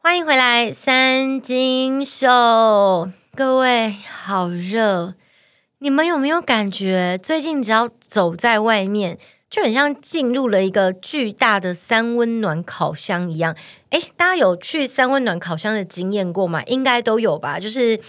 歡迎回來，三金秀，各位好熱！你們有沒有感覺最近只要走在外面，就很像進入了一個巨大的三溫暖烤箱一樣？誒，大家有去三溫暖烤箱的經驗過嗎？應該都有吧，就是。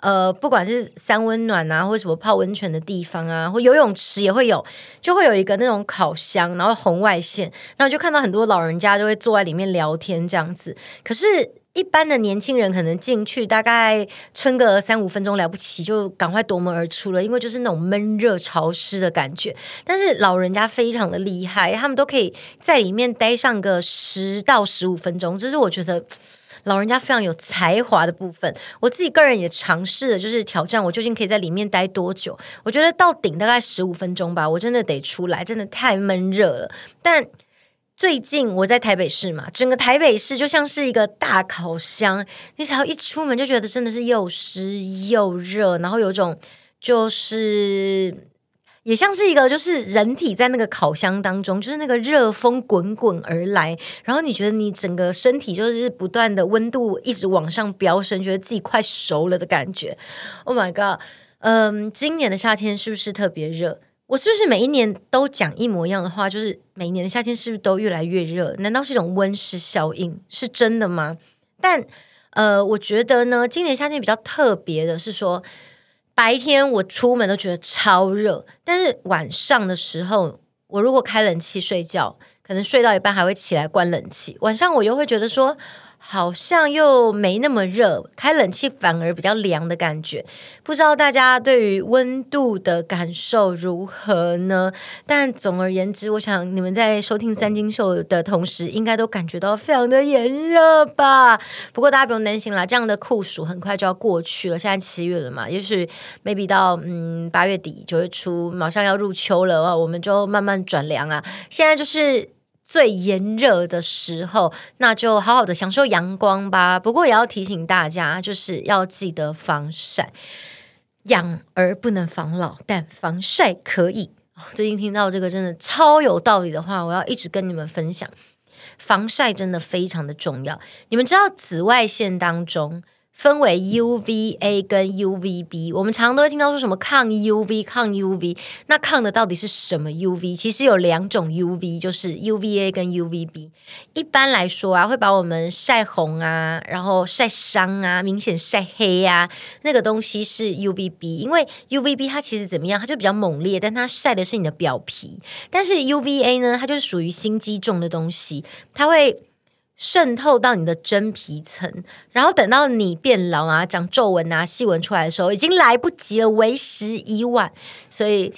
呃，不管是三溫暖啊，或者什麼泡溫泉的地方啊，或游泳池也會有，就會有一個那種烤箱，然後紅外線，然後就看到很多老人家就會坐在裡面聊天這樣子。可是，一般的年輕人可能進去大概撐個三五分鐘了不起，就趕快奪門而出了，因為就是那種悶熱潮濕的感覺。但是老人家非常的厲害，他們都可以在裡面待上個十到十五分鐘，這是我覺得。老人家非常有才華的部分，我自己個人也嘗試了，就是挑戰我究竟可以在裡面待多久。我覺得到頂大概十五分鐘吧，我真的得出來，真的太悶熱了。但最近我在台北市嘛，整個台北市就像是一個大烤箱，你只要一出門就覺得真的是又濕又熱，然後有種就是。也像是一個，就是人體在那個烤箱當中，就是那個熱風滾滾而來，然後你覺得你整個身體就是不斷的溫度一直往上飆升，覺得自己快熟了的感覺。Oh my god！嗯、呃，今年的夏天是不是特別熱？我是不是每一年都講一模一樣的話？就是每一年的夏天是不是都越來越熱？難道是一種溫室效應？是真的嗎？但呃，我覺得呢，今年夏天比較特別的是說。白天我出門都覺得超熱，但是晚上的時候，我如果開冷氣睡覺，可能睡到一半還會起來關冷氣。晚上我又會覺得說。好像又沒那麼熱，開冷氣反而比較涼的感覺。不知道大家對於溫度的感受如何呢？但總而言之，我想你們在收聽《三金秀》的同時，應該都感覺到非常的炎熱吧？不過大家不用擔心啦，這樣的酷暑很快就要過去了。現在七月了嘛，也許 maybe 到嗯八月底九月初，馬上要入秋了哦、啊，我們就慢慢轉涼啊。現在就是。最炎熱的時候，那就好好的享受陽光吧。不過也要提醒大家，就是要記得防曬。養兒不能防老，但防曬可以。哦，最近聽到這個真的超有道理的話，我要一直跟你們分享。防曬真的非常的重要。你們知道紫外線當中，分為 UVA 跟 UVB，我們常常都會聽到說什麼抗 UV、抗 UV，那抗的到底是什麼 UV？其實有兩種 UV，就是 UVA 跟 UVB。一般來說啊，會把我們曬紅啊，然後曬傷啊，明顯曬黑啊，那個東西是 UVB，因為 UVB 它其實怎麼樣，它就比較猛烈，但它曬的是你的表皮。但是 UVA 呢，它就是屬於心機重的東西，它會。滲透到你的真皮層，然後等到你變老啊、長皺紋啊、細紋出來的時候，已經來不及了，為時已晚。所以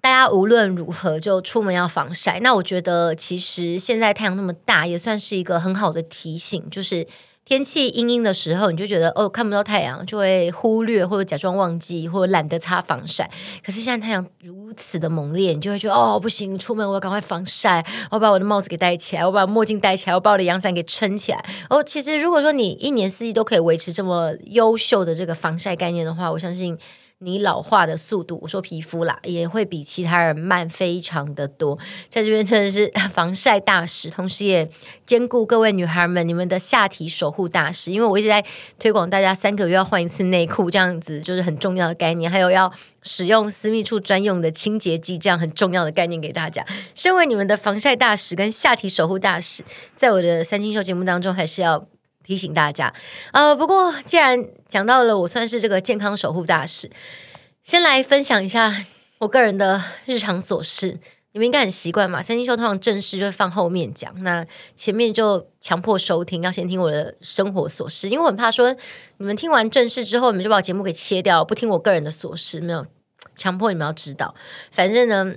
大家無論如何就出門要防曬。那我覺得其實現在太陽那麼大，也算是一個很好的提醒，就是。天氣陰陰的時候，你就覺得哦，看不到太陽，就會忽略或者假裝忘記，或者懶得擦防曬。可是現在太陽如此的猛烈，你就會覺得哦不行，出門我要趕快防曬，我把我的帽子給戴起來，我把墨鏡戴起來，我把我的陽傘給撐起來。哦，其實如果說你一年四季都可以維持這麼優秀的這個防曬概念的話，我相信。你老化的速度，我說皮膚啦，也會比其他人慢非常的多，在這邊真的是防曬大使，同時也兼顧各位女孩們，你們的下體守護大使。因為我一直在推廣大家三個月要換一次內褲，這樣子就是很重要的概念，還有要使用私密處專用的清潔劑，這樣很重要的概念給大家。身為你們的防曬大使跟下體守護大使，在我的三星秀節目當中，還是要。提醒大家，呃，不過既然講到了，我算是這個健康守護大使，先來分享一下我個人的日常瑣事。你們應該很習慣嘛，三星秀通常正事就會放後面講，那前面就強迫收聽，要先聽我的生活瑣事，因為我很怕說你們聽完正事之後，你們就把我節目給切掉，不聽我個人的瑣事。沒有強迫你們要知道，反正呢，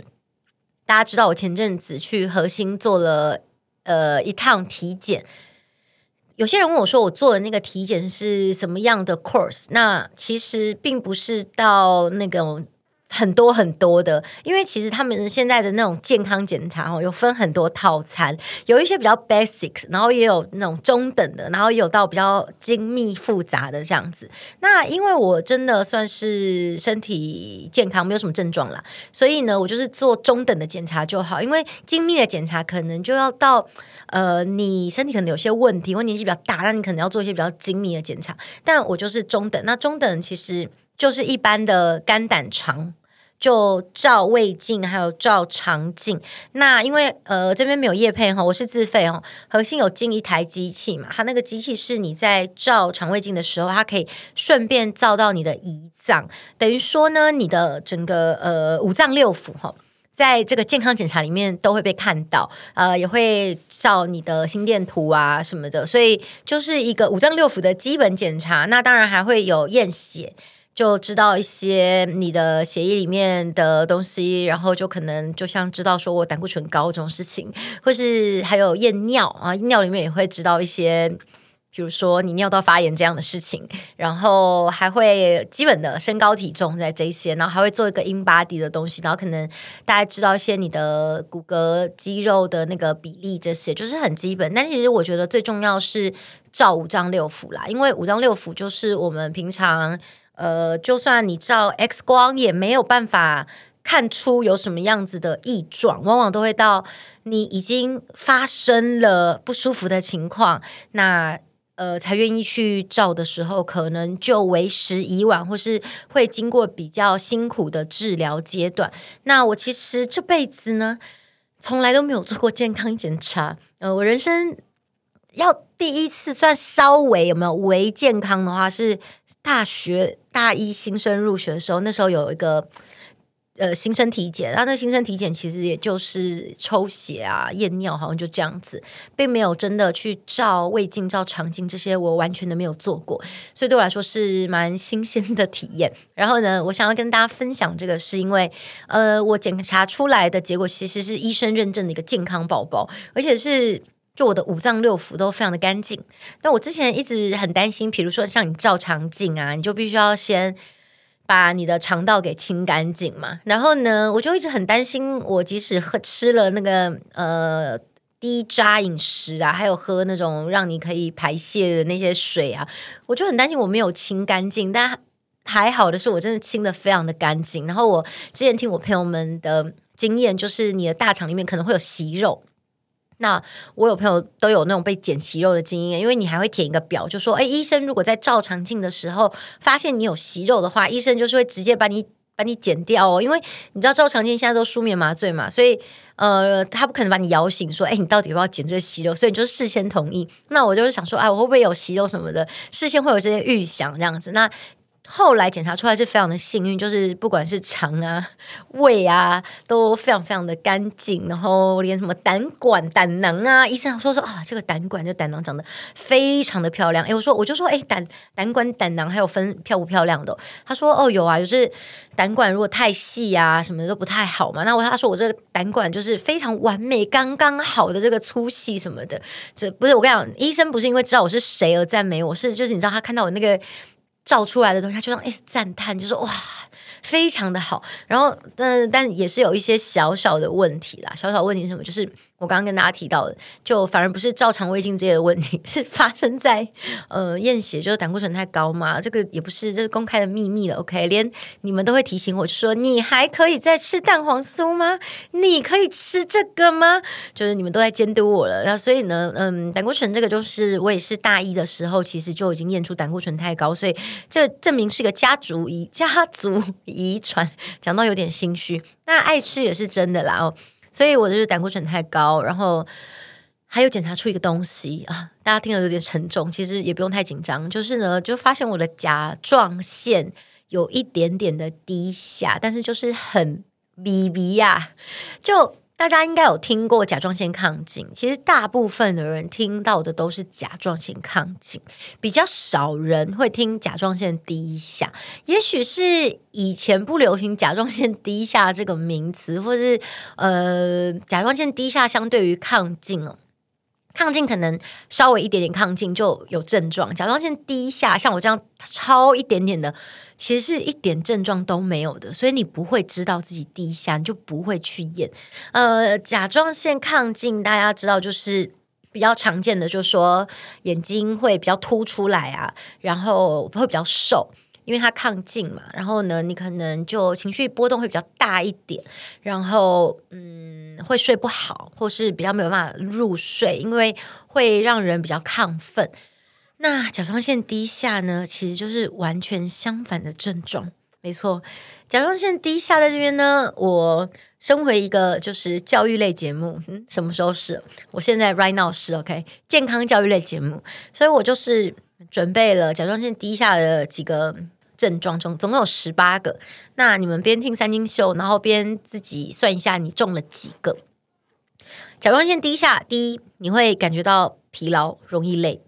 大家知道我前陣子去核心做了呃一趟體檢。有些人問我說：“我做的那個體檢是什麼樣的 course？” 那其實並不是到那個。很多很多的，因為其實他們現在的那種健康檢查哦，有分很多套餐，有一些比較 basic，然後也有那種中等的，然後也有到比較精密複雜的這樣子。那因為我真的算是身體健康，沒有什麼症狀啦，所以呢，我就是做中等的檢查就好。因為精密的檢查可能就要到呃，你身體可能有些問題，或年紀比較大，那你可能要做一些比較精密的檢查。但我就是中等，那中等其實。就是一般的肝膽腸，就照胃鏡還有照腸鏡。那因為呃這邊沒有業配哈、哦，我是自費哈、哦。核心有進一台機器嘛，它那個機器是你在照腸胃鏡的時候，它可以順便照到你的胰臟，等於說呢，你的整個呃五臟六腑哈、哦，在這個健康檢查裡面都會被看到。呃，也會照你的心電圖啊什麼的，所以就是一個五臟六腑的基本檢查。那當然還會有驗血。就知道一些你的協議裡面的東西，然後就可能就像知道說我膽固醇高這種事情，或是還有驗尿啊，尿裡面也會知道一些，比如說你尿道發炎這樣的事情，然後還會基本的身高體重在這些，然後還會做一個 i 巴底的東西，然後可能大家知道一些你的骨骼肌肉的那個比例這些，就是很基本。但其實我覺得最重要是照五臟六腑啦，因為五臟六腑就是我們平常。呃，就算你照 X 光也沒有辦法看出有什麼樣子的異狀，往往都會到你已經發生了不舒服的情況，那呃才願意去照的時候，可能就為時已晚，或是會經過比較辛苦的治療階段。那我其實這輩子呢，從來都沒有做過健康檢查，呃，我人生要第一次算稍微有沒有為健康的話是大學大一新生入學的時候，那時候有一個呃新生體檢，然後那個新生體檢其實也就是抽血啊、驗尿，好像就這樣子，並沒有真的去照胃鏡、照腸鏡這些，我完全都沒有做過，所以對我來說是蠻新鮮的體驗。然後呢，我想要跟大家分享這個，是因為呃，我檢查出來的結果其實是醫生認證的一個健康寶寶，而且是。就我的五臟六腑都非常的乾淨，但我之前一直很擔心，比如說像你照腸鏡啊，你就必須要先把你的腸道給清乾淨嘛。然後呢，我就一直很擔心，我即使喝吃了那個呃低渣飲食啊，還有喝那種讓你可以排泄的那些水啊，我就很擔心我沒有清乾淨。但還好的是我真的清的非常的乾淨。然後我之前聽我朋友們的經驗，就是你的大腸裡面可能會有息肉。那我有朋友都有那種被剪息肉的經驗，因為你還會填一個表，就說，哎、欸，醫生如果在照腸鏡的時候發現你有息肉的話，醫生就是會直接把你把你剪掉，哦。因為你知道照腸鏡現在都舒眠麻醉嘛，所以呃，他不可能把你搖醒說，哎、欸，你到底要不要剪這個息肉？所以你就事先同意。那我就是想說，哎、啊，我會不會有息肉什麼的？事先會有這些預想這樣子。那後來檢查出來是非常的幸運，就是不管是腸啊、胃啊都非常非常的乾淨，然後連什麼膽管、膽囊啊，醫生說說啊、哦，這個膽管、這個、膽囊長得非常的漂亮。誒，我說我就說，誒，膽膽管、膽囊還有分漂不漂亮的、哦？他說哦有啊，就是膽管如果太細啊，什麼的都不太好嘛。那我他說我這個膽管就是非常完美、剛剛好的這個粗細什麼的，這不是我跟你講，醫生不是因為知道我是誰而讚美我，是就是你知道他看到我那個。照出來的東西，他就讓 s 讚嘆，就說、是、哇。非常的好，然後，嗯、呃，但也是有一些小小的問題啦。小小問題什麼？就是我剛剛跟大家提到的，就反而不是照腸胃鏡之類的問題，是發生在呃驗血，就是膽固醇太高嘛。這個也不是，這是公開的秘密了。OK，連你們都會提醒我就說：“你還可以再吃蛋黃酥嗎？你可以吃這個嗎？”就是你們都在監督我了。然後，所以呢，嗯、呃，膽固醇這個，就是我也是大一的時候，其實就已經驗出膽固醇太高，所以這證明是一個家族遺，一家族。遺傳，講到有點心虛，那愛吃也是真的啦。哦，所以我就是膽固醇太高，然後還有檢查出一個東西啊，大家聽了有點沉重，其實也不用太緊張。就是呢，就發現我的甲狀腺有一點點的低下，但是就是很逼逼呀，就。大家應該有聽過甲狀腺亢進，其實大部分的人聽到的都是甲狀腺亢進，比較少人會聽甲狀腺低下。也許是以前不流行甲狀腺低下這個名詞，或是呃，甲狀腺低下相對於亢進哦。亢進可能稍微一點點亢進就有症狀，甲狀腺低下像我這樣超一點點的，其實是一點症狀都沒有的，所以你不會知道自己低下，你就不會去驗。呃，甲狀腺亢進大家知道就是比較常見的，就是說眼睛會比較凸出來啊，然後會比較瘦。因為他亢進嘛，然後呢，你可能就情緒波動會比較大一點，然後嗯，會睡不好，或是比較沒有辦法入睡，因為會讓人比較亢奮。那甲狀腺低下呢，其實就是完全相反的症狀。沒錯，甲狀腺低下在這邊呢，我身為一個就是教育類節目，什麼時候是？我現在 right now 是 OK，健康教育類節目，所以我就是準備了甲狀腺低下的幾個。症狀中總共有十八個，那你們邊聽三金秀，然後邊自己算一下，你中了幾個？甲狀腺低下，第一你會感覺到疲勞，容易累；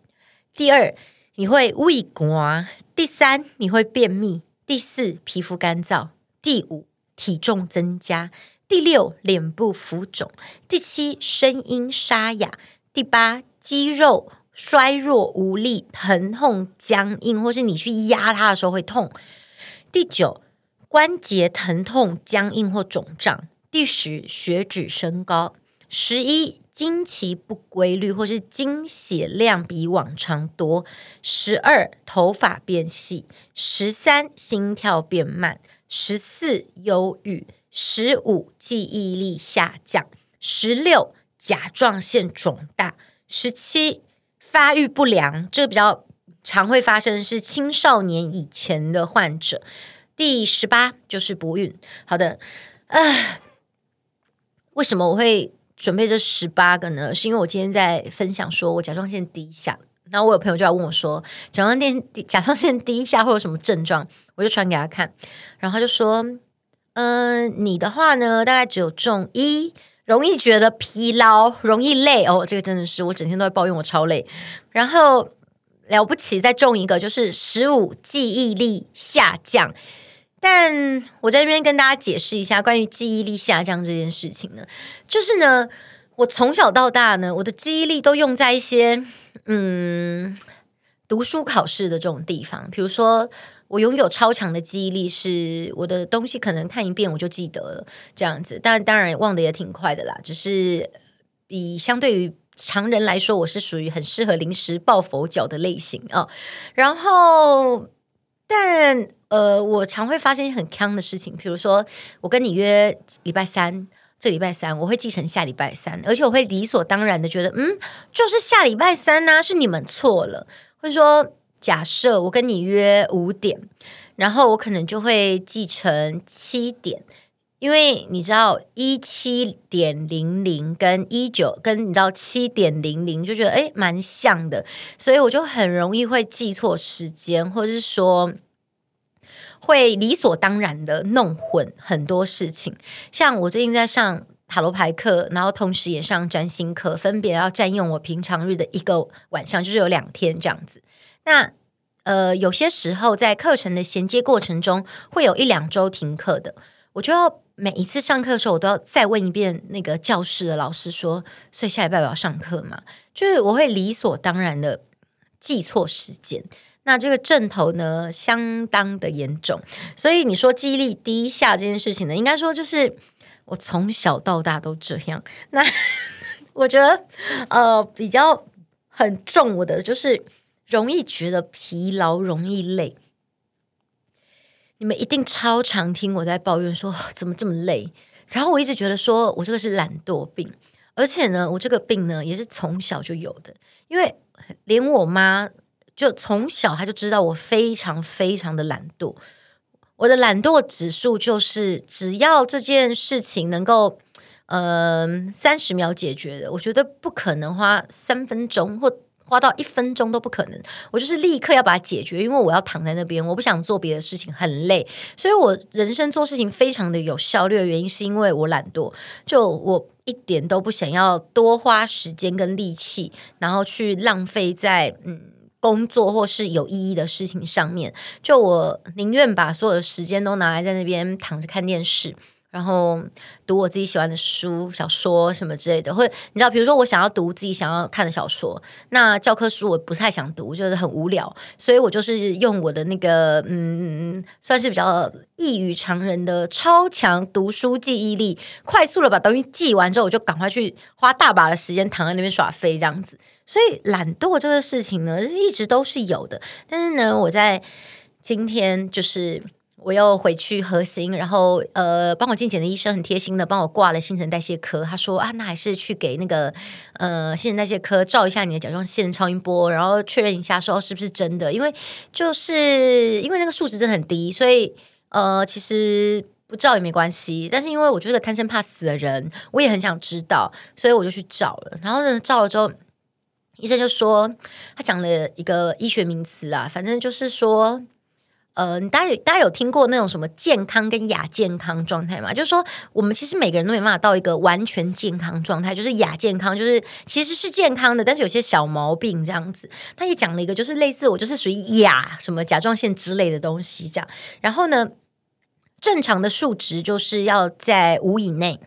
第二你會畏光；第三你會便秘；第四皮膚乾燥；第五體重增加；第六臉部浮腫；第七聲音沙啞；第八肌肉。衰弱無力、疼痛、僵硬，或是你去壓它的時候會痛。第九，關節疼痛、僵硬或腫脹。第十，血脂升高。十一，經期不規律，或是經血量比往常多。十二，頭髮變細。十三，心跳變慢。十四，憂鬱。十五，記憶力下降。十六，甲狀腺腫腫大。十七。發育不良，這個比較常會發生，是青少年以前的患者。第十八就是不孕。好的，呃，為什麼我會準備這十八個呢？是因為我今天在分享，說我甲狀腺低下，然後我有朋友就來問我說，甲狀腺甲狀腺低下會有什麼症狀？我就傳給他看，然後他就說，嗯、呃，你的話呢，大概只有中一。容易覺得疲勞，容易累哦，這個真的是我整天都在抱怨我超累。然後了不起再中一個就是十五記憶力下降，但我在這邊跟大家解釋一下關於記憶力下降這件事情呢，就是呢，我從小到大呢，我的記憶力都用在一些嗯讀書考試的這種地方，比如說。我擁有超強的記憶力，是我的東西可能看一遍我就記得了，這樣子。但當然忘得也挺快的啦，只是比相對於常人來說，我是屬於很適合臨時抱佛腳的類型啊、哦。然後，但呃，我常會發生一些很坑的事情，比如說我跟你約禮拜三，這禮拜三我會記成下禮拜三，而且我會理所當然的覺得，嗯，就是下禮拜三呢、啊，是你們錯了，或者說。假設我跟你約五點，然後我可能就會記成七點，因為你知道一七點零零跟一九跟你知道七點零零就覺得誒蠻像的，所以我就很容易會記錯時間，或者是說會理所當然的弄混很多事情。像我最近在上塔羅牌課，然後同時也上占星課，分別要占用我平常日的一個晚上，就是有兩天這樣子。那呃，有些時候在課程的銜接過程中，會有一兩周停課的。我就要每一次上課的時候，我都要再問一遍那個教室的老師說：“所以下禮拜不要上課嘛”，就是我會理所當然的記錯時間。那這個症頭呢，相當的嚴重。所以你說記憶力低下這件事情呢，應該說就是我從小到大都這樣。那 我覺得呃，比較很重我的就是。容易覺得疲勞，容易累。你們一定超常聽我在抱怨說怎麼這麼累，然後我一直覺得說我這個是懶惰病，而且呢，我這個病呢也是從小就有的，因為連我媽就從小她就知道我非常非常的懶惰。我的懶惰指數就是，只要這件事情能夠嗯三十秒解決的，我覺得不可能花三分鐘或。花到一分鐘都不可能，我就是立刻要把它解決，因為我要躺在那邊，我不想做別的事情，很累，所以我人生做事情非常的有效率的原因，是因為我懶惰，就我一點都不想要多花時間跟力氣，然後去浪費在嗯工作或是有意義的事情上面，就我寧願把所有的時間都拿來在那邊躺着看電視。然後讀我自己喜歡的書、小說什麼之類的，或者你知道，比如說我想要讀自己想要看的小說，那教科書我不太想讀，我覺得很無聊，所以我就是用我的那個嗯，算是比較異於常人的超強讀書記憶力，快速的把東西記完之後，我就趕快去花大把的時間躺在那邊耍飛這樣子。所以懶惰這個事情呢，一直都是有的，但是呢，我在今天就是。我又回去核心，然後呃，幫我進檢的醫生很貼心的幫我掛了新陳代謝科。他說啊，那還是去給那個呃新陳代謝科照一下你的甲狀腺超音波，然後確認一下說，說、哦、是不是真的？因為就是因為那個數值真的很低，所以呃，其實不照也沒關係。但是因為我就是個貪生怕死的人，我也很想知道，所以我就去找了。然後呢，照了之後，醫生就說他講了一個醫學名詞啊，反正就是說。呃，大家有大家有聽過那種什麼健康跟亞健康狀態嗎？就是說，我們其實每個人都沒辦法到一個完全健康狀態，就是亞健康，就是其實是健康的，但是有些小毛病這樣子。他也講了一個，就是類似我就是屬於亞什麼甲狀腺之類的東西這樣。然後呢，正常的數值就是要在五以內，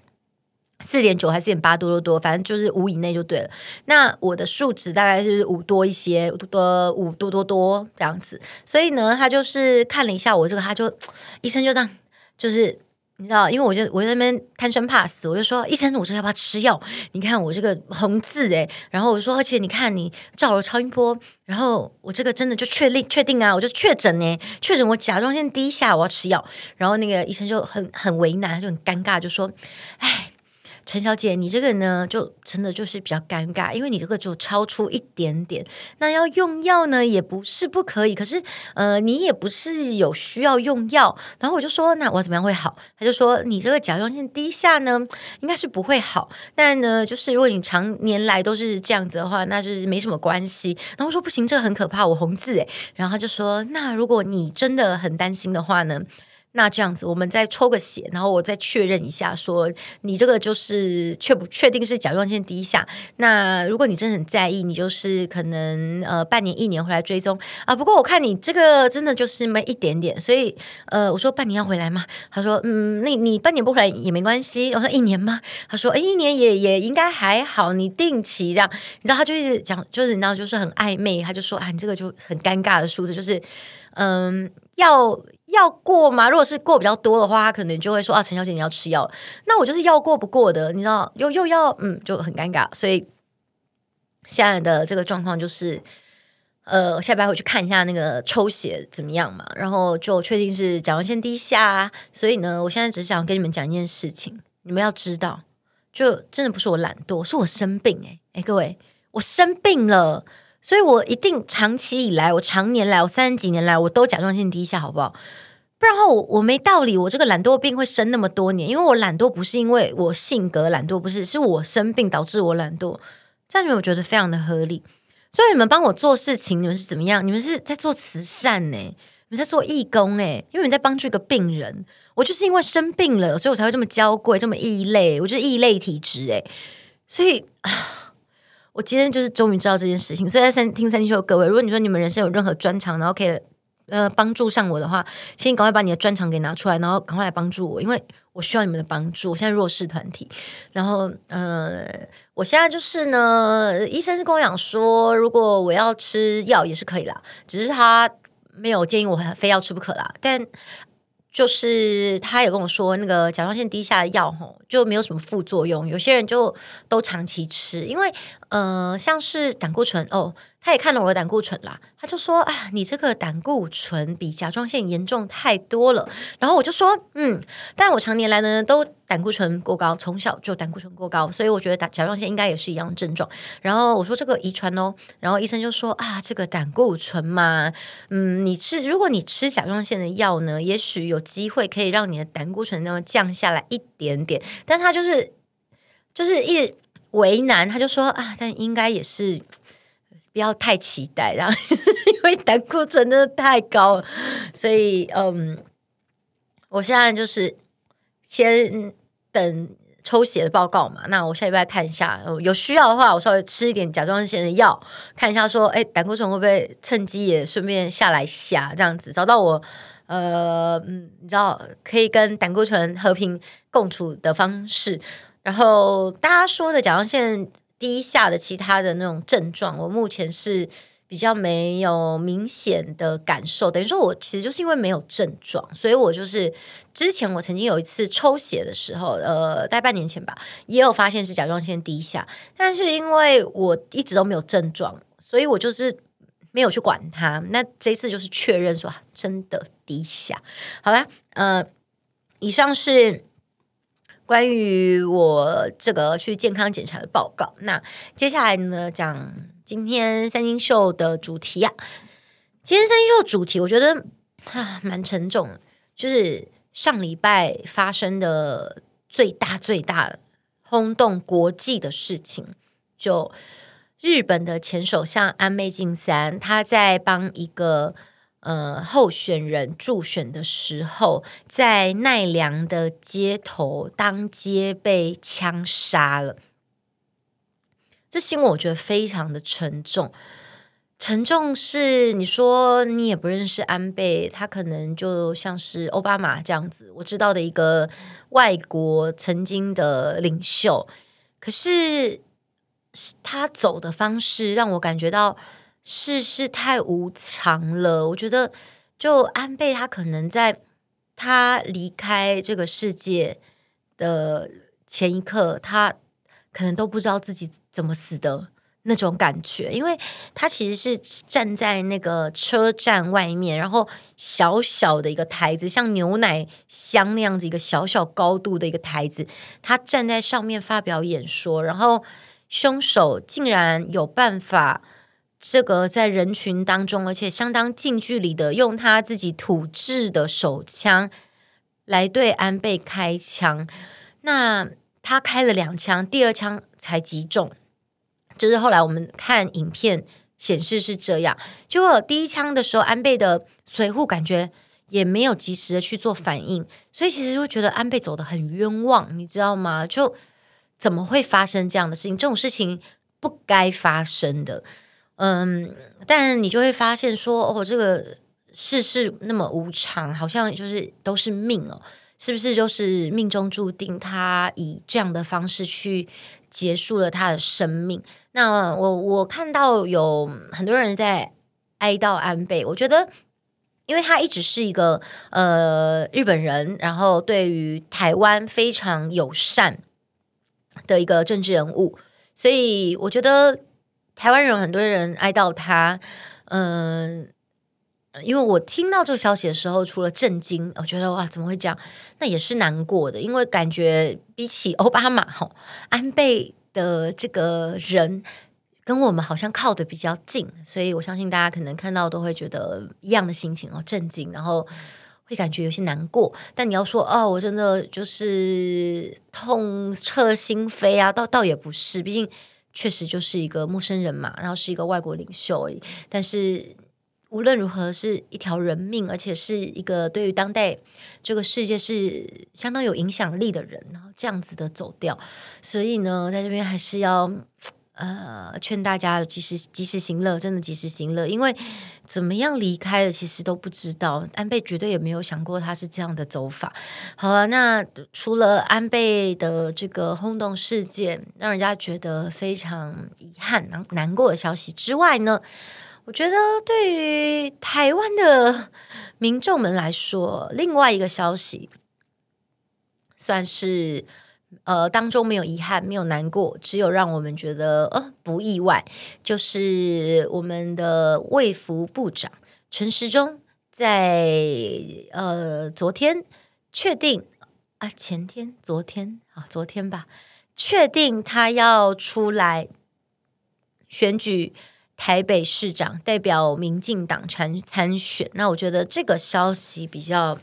四點九還是四點八，多多多，反正就是五以內就對了。那我的數值大概是五多一些，5多五多多多這樣子。所以呢，他就是看了一下我這個，他就醫生就這樣，就是你知道，因為我就我在那邊貪生怕死，我就說醫生，我說要不要吃藥？你看我這個紅字誒、欸。然後我說，而且你看你照了超音波，然後我這個真的就確定確定啊，我就確診哎，確診我甲狀腺低下，我要吃藥。然後那個醫生就很很為難，就很尷尬，就說，哎。陳小姐，你這個呢，就真的就是比較尷尬，因為你這個就超出一點點。那要用藥呢，也不是不可以，可是，呃，你也不是有需要用藥。然後我就說，那我怎麼樣會好？他就說，你這個甲狀腺低下呢，應該是不會好。但呢，就是如果你常年來都是這樣子的話，那就是沒什麼關係。然後我說，不行，這個很可怕，我紅字誒。然後他就說，那如果你真的很擔心的話呢？那這樣子，我們再抽個血，然後我再確認一下說，說你這個就是確不確定是甲狀腺低下？那如果你真的很在意，你就是可能呃半年一年回來追蹤啊。不過我看你這個真的就是沒一點點，所以呃我說半年要回來嗎？他說嗯，那你半年不回來也沒關係。我說一年嗎？他說誒、欸，一年也也應該還好，你定期這樣。你知道他就一直講，就是你知道就是很曖昧，他就說啊你這個就很尷尬的數字，就是嗯、呃、要。要過嘛，如果是過比較多的話，可能就會說啊，陳小姐你要吃藥。那我就是要過不過的，你知道，又又要嗯，就很尷尬。所以現在的這個狀況就是，呃，我下班回去看一下那個抽血怎麼樣嘛，然後就確定是甲狀腺低下、啊。所以呢，我現在只想跟你們講一件事情，你們要知道，就真的不是我懶惰，是我生病誒、欸、誒、欸。各位，我生病了，所以我一定長期以來，我長年來，我三十幾年來，我都甲狀腺低下，好不好？不然的話，我我沒道理，我這個懶惰病會生那麼多年，因為我懶惰不是因為我性格懶惰，不是，是我生病導致我懶惰。這樣你們我覺得非常的合理。所以你們幫我做事情，你們是怎麼樣？你們是在做慈善呢、欸？你們在做義工哎、欸？因為你在幫助一個病人，我就是因為生病了，所以我才會這麼嬌貴，這麼異類，我就是異類體質誒、欸。所以啊，我今天就是終於知道這件事情。所以在三聽三七九各位，如果你說你們人生有任何專長，然後可以。呃，幫助上我的話，先趕快把你的專長給拿出來，然後趕快來幫助我，因為我需要你們的幫助。我現在弱勢團體，然後呃，我現在就是呢，醫生是跟我講說，如果我要吃藥也是可以啦，只是他沒有建議我非要吃不可啦。但就是他也跟我說，那個甲狀腺低下的藥吼，就沒有什麼副作用，有些人就都長期吃，因為呃，像是膽固醇哦。他也看了我的膽固醇啦，他就說啊，你這個膽固醇比甲狀腺嚴重太多了。然後我就說，嗯，但我常年來呢，都膽固醇過高，從小就膽固醇過高，所以我覺得膽甲狀腺應該也是一樣的症狀。然後我說這個遺傳哦，然後醫生就說啊，這個膽固醇嘛，嗯，你吃，如果你吃甲狀腺的藥呢，也許有機會可以讓你的膽固醇那麼降下來一點點。但他就是就是一直為難，他就說啊，但應該也是。不要太期待，然後因為膽固醇真的太高了，所以嗯，我現在就是先等抽血的報告嘛。那我下禮拜看一下，有需要的話，我稍微吃一點甲狀腺的藥，看一下說，哎、欸，膽固醇會不會趁機也順便下來下，這樣子找到我呃，你知道可以跟膽固醇和平共處的方式。然後大家說的甲狀腺。低下的其他的那種症狀，我目前是比較沒有明顯的感受。等於說我其實就是因為沒有症狀，所以我就是之前我曾經有一次抽血的時候，呃，在半年前吧，也有發現是甲狀腺低下，但是因為我一直都沒有症狀，所以我就是沒有去管它。那這次就是確認說、啊、真的低下，好啦，呃，以上是。關於我這個去健康檢查的報告，那接下來呢，講今天三星秀的主題啊。今天三星秀的主題，我覺得啊蠻沉重，就是上禮拜發生的最大最大轟動國際的事情，就日本的前首相安倍晉三，他在幫一個。呃，候選人助選的時候，在奈良的街頭當街被槍殺了。這新聞我覺得非常的沉重，沉重是你說你也不認識安倍，他可能就像是歐巴馬這樣子，我知道的一個外國曾經的領袖。可是他走的方式讓我感覺到。世事太無常了，我覺得，就安倍他可能在他離開這個世界的前一刻，他可能都不知道自己怎麼死的那種感覺，因為他其實是站在那個車站外面，然後小小的一個台子，像牛奶箱那樣子一個小小高度的一個台子，他站在上面發表演說，然後兇手竟然有辦法。這個在人群當中，而且相當近距離的，用他自己土制的手槍來對安倍開槍。那他開了兩槍，第二槍才擊中，就是後來我們看影片顯示是這樣。結果第一槍的時候，安倍的隨扈感覺也沒有及時的去做反應，所以其實就覺得安倍走得很冤枉，你知道嗎？就怎麼會發生這樣的事情？這種事情不該發生的。嗯，但你就會發現說，哦，這個世事那麼無常，好像就是都是命哦，是不是就是命中注定，他以這樣的方式去結束了他的生命。那我我看到有很多人在哀悼安倍，我覺得，因為他一直是一個呃日本人，然後對於台灣非常友善的一個政治人物，所以我覺得。台灣人很多人哀悼他，嗯，因為我聽到這個消息的時候，除了震驚，我覺得哇，怎麼會這樣？那也是難過的，因為感覺比起歐巴馬吼、哦、安倍的這個人跟我們好像靠得比較近，所以我相信大家可能看到都會覺得一樣的心情哦，震驚，然後會感覺有些難過。但你要說哦，我真的就是痛徹心扉啊，倒倒也不是，畢竟。確實就是一個陌生人嘛，然後是一個外國領袖而已，但是無論如何是一條人命，而且是一個對於當代這個世界是相當有影響力的人，然後這樣子的走掉，所以呢，在這邊還是要呃、勸大家及時及時行樂，真的及時行樂，因為。怎麼樣離開的，其實都不知道。安倍絕對也沒有想過他是這樣的走法。好啊，那除了安倍的這個轟動事件，讓人家覺得非常遺憾、難難過的消息之外呢，我覺得對於台灣的民眾們來說，另外一個消息算是。呃，當中沒有遺憾，沒有難過，只有讓我們覺得呃不意外，就是我們的衛福部長陳時中在呃昨天確定啊，前天昨天啊，昨天吧，確定他要出來選舉台北市長，代表民進黨參參選。那我覺得這個消息比較。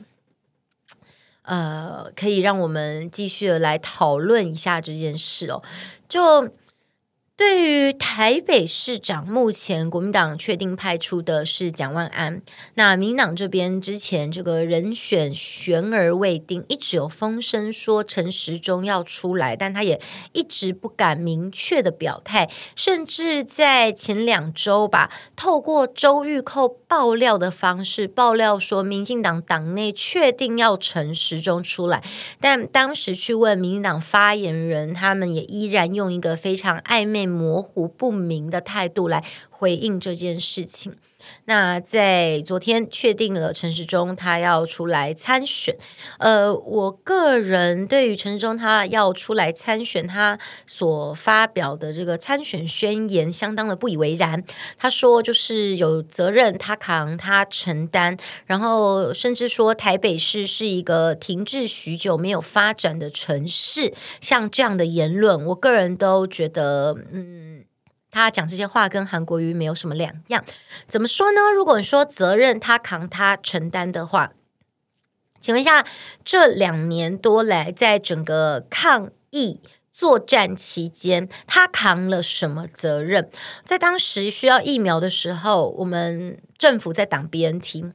呃，可以讓我們繼續來討論一下這件事哦。就。對於台北市長，目前國民黨確定派出的是蔣萬安。那民黨這邊之前這個人選懸而未定，一直有風聲說陳時中要出來，但他也一直不敢明確的表態。甚至在前兩週吧，透過周玉蔻爆料的方式爆料說，民進黨黨內確定要陳時中出來，但當時去問民進黨發言人，他們也依然用一個非常曖昧。模糊不明的態度來回應這件事情。那在昨天確定了陳時中他要出來參選，呃，我個人對於陳時中他要出來參選，他所發表的這個參選宣言相當的不以為然。他說就是有責任他扛他承擔，然後甚至說台北市是一個停滯許久沒有發展的城市，像這樣的言論，我個人都覺得嗯。他講這些話跟韓國瑜沒有什麼兩樣。怎麼說呢？如果說責任他扛他承擔的話，請問一下，這兩年多來，在整個抗疫作戰期間，他扛了什麼責任？在當時需要疫苗的時候，我們政府在擋 BNT。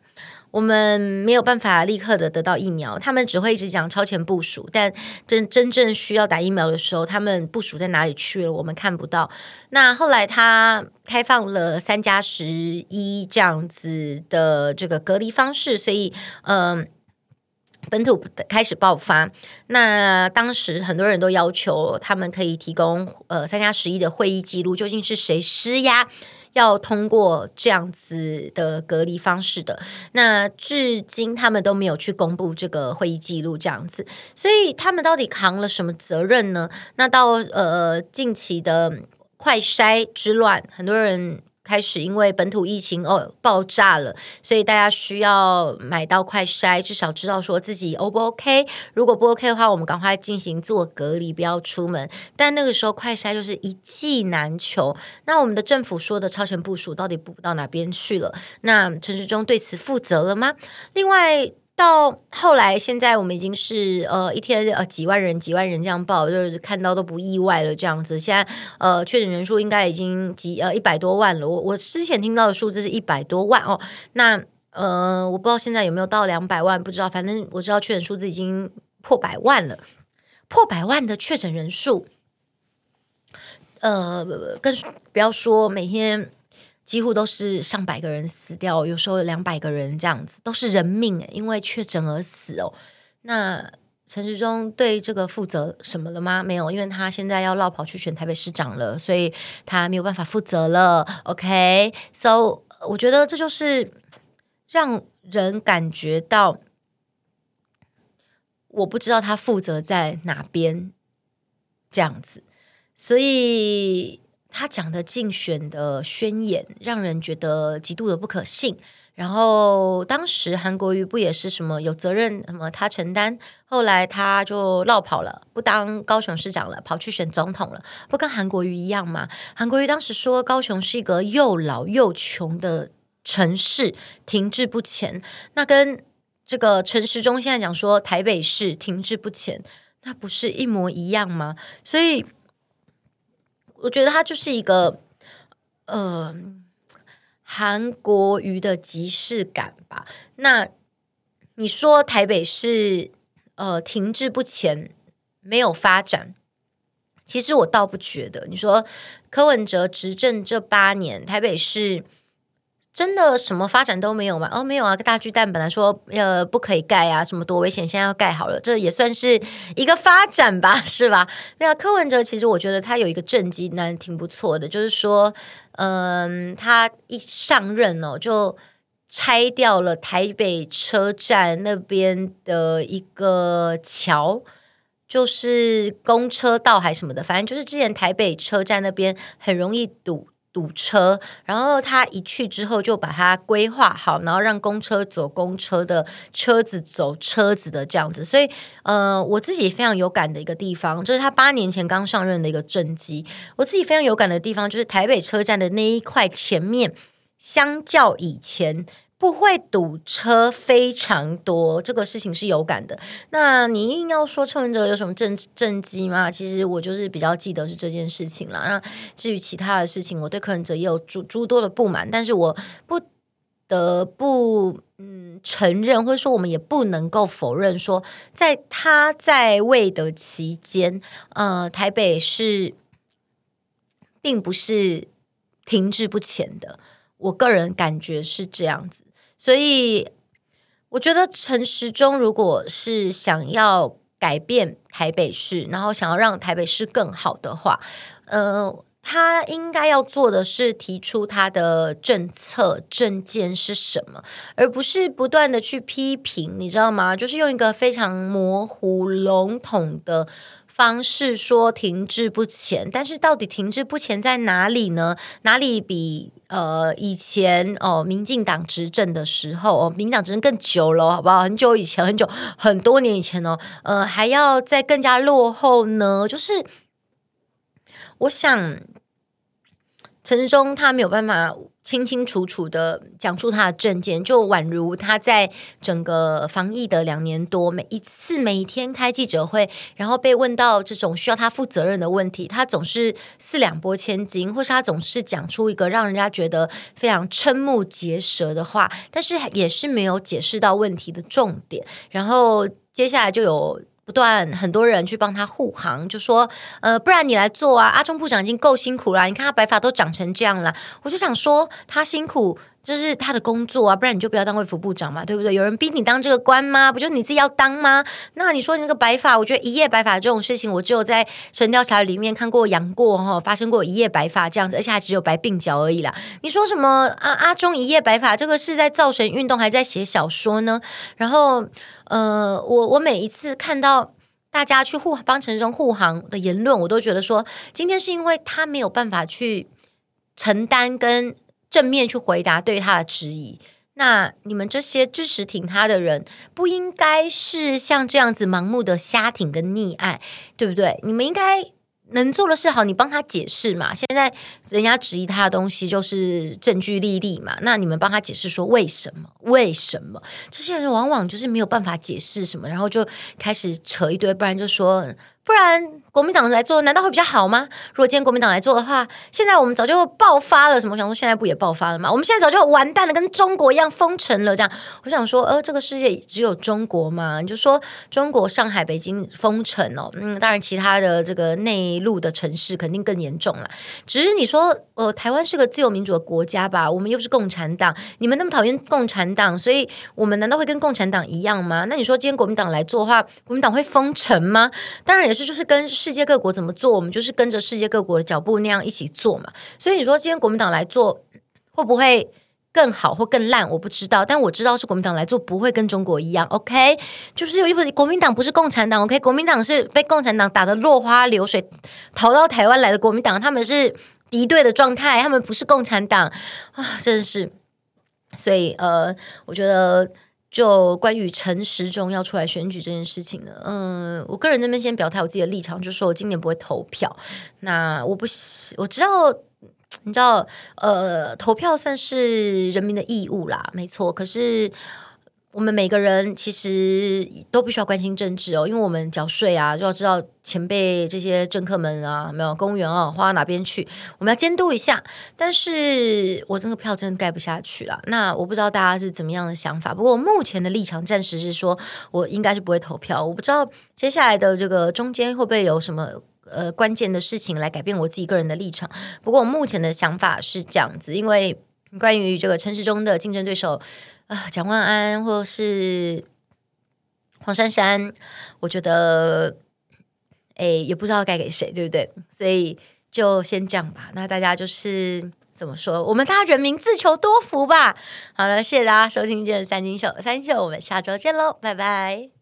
我們沒有辦法立刻的得到疫苗，他們只會一直講超前部署，但真真正需要打疫苗的時候，他們部署在哪裡去了？我們看不到。那後來他開放了三加十一這樣子的這個隔離方式，所以嗯、呃，本土開始爆發，那當時很多人都要求他們可以提供呃三加十一的會議記錄，究竟是誰施壓？要通過這樣子的隔離方式的，那至今他們都沒有去公布這個會議記錄這樣子，所以他們到底扛了什麼責任呢？那到，呃，近期的快篩之亂，很多人。開始因為本土疫情哦爆炸了，所以大家需要買到快篩，至少知道說自己 O 不 OK。如果不 OK 的話，我們趕快進行自我隔離，不要出門。但那個時候快篩就是一劑難求，那我們的政府說的超前部署到底補到哪邊去了？那陳時中對此負責了嗎？另外。到後來，現在我們已經是呃一天呃幾萬人幾萬人這樣報，就是看到都不意外了這樣子。現在呃確診人數應該已經幾呃一百多萬了。我我之前聽到的數字是一百多萬哦。那呃我不知道現在有沒有到兩百萬，不知道。反正我知道確診數字已經破百萬了，破百萬的確診人數，呃，更，更，更不要說每天。幾乎都是上百個人死掉，有時候有兩百個人這樣子，都是人命，因為確診而死哦。那陳時中對這個負責什麼了嗎？沒有，因為他現在要落跑去選台北市長了，所以他沒有辦法負責了。OK，So，、okay? 我覺得這就是讓人感覺到，我不知道他負責在哪邊，這樣子，所以。他講的競選的宣言，讓人覺得極度的不可信。然後當時韓國瑜不也是什麼有責任什麼他承擔？後來他就落跑了，不當高雄市長了，跑去選總統了，不跟韓國瑜一樣嗎？韓國瑜當時說高雄是一個又老又窮的城市，停滯不前。那跟這個陳時中現在講說台北市停滯不前，那不是一模一樣嗎？所以。我覺得它，就是一個，呃，韓國瑜的即視感吧。那你說台北市，呃，停滯不前，沒有發展？其實我倒不覺得。你說柯文哲執政這八年，台北市。真的什麼發展都沒有嗎？哦，沒有啊，大巨蛋本來說呃不可以蓋啊，這麼多危險，現在要蓋好了，這也算是一個發展吧，是吧？那啊，柯文哲其實我覺得他有一個政績，那挺不錯的，就是說，嗯，他一上任哦，就拆掉了台北車站那邊的一個橋，就是公車道還什麼的，反正就是之前台北車站那邊很容易堵。堵車，然後他一去之後就把它規劃好，然後讓公車走公車的，車子走車子的這樣子。所以，呃，我自己非常有感的一個地方，就是他八年前剛上任的一個政績。我自己非常有感的地方，就是台北車站的那一塊前面，相較以前。不會堵車非常多，這個事情是有感的。那你硬要說，柯文哲有什麼政政績嗎？其實我就是比較記得是這件事情了。那至於其他的事情，我對柯文哲也有諸諸多的不滿，但是我不得不嗯承認，或者說我們也不能夠否認說，說在他在位的期間，呃，台北是並不是停滯不前的。我個人感覺是這樣子。所以，我覺得陳時中如果是想要改變台北市，然後想要讓台北市更好的話，呃，他應該要做的是提出他的政策政見是什麼，而不是不斷的去批評，你知道嗎？就是用一個非常模糊籠統的。方式說停滯不前，但是到底停滯不前在哪裡呢？哪裡比呃以前哦、呃，民進黨執政的時候，呃、民進黨執政更久了，好不好？很久以前，很久很多年以前哦，呃，還要再更加落後呢？就是我想，陳忠他沒有辦法。清清楚楚的講出他的政見，就宛如他在整個防疫的兩年多，每一次每一天開記者會，然後被問到這種需要他負責任的問題，他總是四兩撥千斤，或是他總是講出一個讓人家覺得非常瞠目結舌的話，但是也是沒有解釋到問題的重點。然後接下來就有。不斷很多人去幫他護航，就說：“呃，不然你來做啊，阿中部長已經夠辛苦了，你看他白髮都長成這樣了。”我就想說他辛苦。就是他的工作啊，不然你就不要當衛福部長嘛，對不對？有人逼你當這個官嗎？不就你自己要當嗎？那你說你那個白髮，我覺得一夜白髮這種事情，我只有在《神雕俠侶》裡面看過楊過哦，發生過一夜白髮這樣子，而且還只有白鬢角而已啦。你說什麼啊？阿、啊、中一夜白髮，這個是在造神運動，還在寫小說呢？然後呃，我我每一次看到大家去護幫陳時中護航的言論，我都覺得說，今天是因為他沒有辦法去承擔跟。正面去回答對他的質疑，那你們這些支持挺他的人，不應該是像這樣子盲目的瞎挺跟溺愛，對不對？你們應該能做的是，好，你幫他解釋嘛。現在人家質疑他的東西，就是證據、歷歷嘛。那你們幫他解釋說，為什麼？為什麼？這些人往往就是沒有辦法解釋什麼，然後就開始扯一堆，不然就說不然，國民黨來做難道會比較好嗎？如果今天國民黨來做的話，現在我們早就爆發了。什麼？我想說，現在不也爆發了嗎？我們現在早就完蛋了，跟中國一樣封城了。這樣，我想說，呃，這個世界只有中國嘛。你就說中國上海、北京封城哦。嗯，當然，其他的這個內陸的城市肯定更嚴重了。只是你說，呃，台灣是個自由民主的國家吧？我們又不是共產黨，你們那麼討厭共產黨，所以我們難道會跟共產黨一樣嗎？那你說，今天國民黨來做的話，國民黨會封城嗎？當然也是，就是跟。世界各國怎麼做，我們就是跟着世界各國的腳步那樣一起做嘛。所以你說今天國民黨來做，會不會更好或更爛？我不知道，但我知道是國民黨來做，不會跟中國一樣。OK，就是有一部分國民黨不是共產黨。OK，國民黨是被共產黨打得落花流水，逃到台灣來的國民黨，他們是敵對的狀態，他們不是共產黨啊，真的是。所以呃，我覺得。就關於陳時中要出來選舉這件事情呢，嗯、呃，我個人在那邊先表態，我自己的立場就是說，我今年不會投票。那我不，我知道，你知道，呃，投票算是人民的義務啦，沒錯。可是。我們每個人其實都必須要關心政治哦，因為我們繳稅啊，就要知道前輩這些政客們啊，沒有公務員啊花到哪邊去，我們要監督一下。但是我這個票真的蓋不下去了，那我不知道大家是怎麼樣的想法。不過我目前的立場暫時是說我應該是不會投票，我不知道接下來的這個中間會不會有什麼呃關鍵的事情來改變我自己個人的立場。不過我目前的想法是這樣子，因為關於這個陳時中的競爭對手。啊，呃，蔣萬安或是黃珊珊，我覺得，哎、欸，也不知道該給誰，對不對？所以就先這樣吧。那大家就是怎麼說？我們大家人民自求多福吧。好了，謝謝大家收聽今天的三金秀，三金秀，我們下周見嘍，拜拜。